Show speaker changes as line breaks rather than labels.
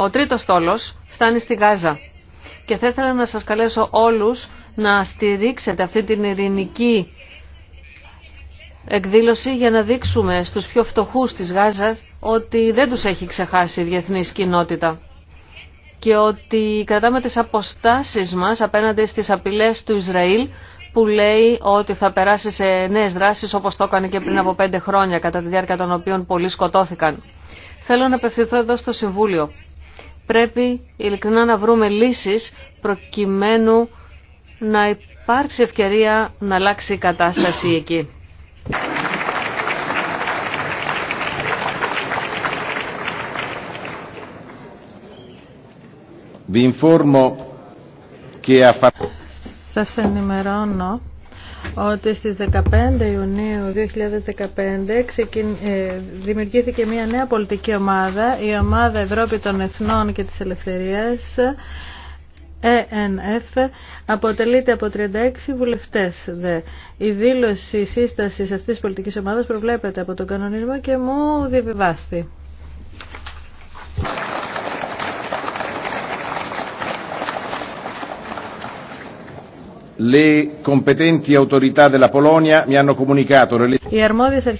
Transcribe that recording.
Ο τρίτος στόλος φτάνει στη Γάζα. Και θα ήθελα να σας καλέσω όλους να στηρίξετε αυτή την ειρηνική εκδήλωση για να δείξουμε στους πιο φτωχούς της Γάζας ότι δεν τους έχει ξεχάσει η διεθνής κοινότητα και ότι κρατάμε τις αποστάσεις μας απέναντι στις απειλές του Ισραήλ που λέει ότι θα περάσει σε νέες δράσεις όπως το έκανε και πριν από πέντε χρόνια κατά τη διάρκεια των οποίων πολλοί σκοτώθηκαν. Θέλω να απευθυνθώ εδώ στο Συμβούλιο πρέπει ειλικρινά να βρούμε λύσεις προκειμένου να υπάρξει ευκαιρία να αλλάξει η κατάσταση εκεί.
Σας ενημερώνω ότι στις 15 Ιουνίου 2015 ε, δημιουργήθηκε μια νέα πολιτική ομάδα, η Ομάδα Ευρώπη των Εθνών και της Ελευθερίας, (ENF) ε αποτελείται από 36 βουλευτές. Η δήλωση σύστασης αυτής της πολιτικής ομάδας προβλέπεται από τον κανονισμό και μου διαβιβάστη.
Οι
αρμόδιες αρχές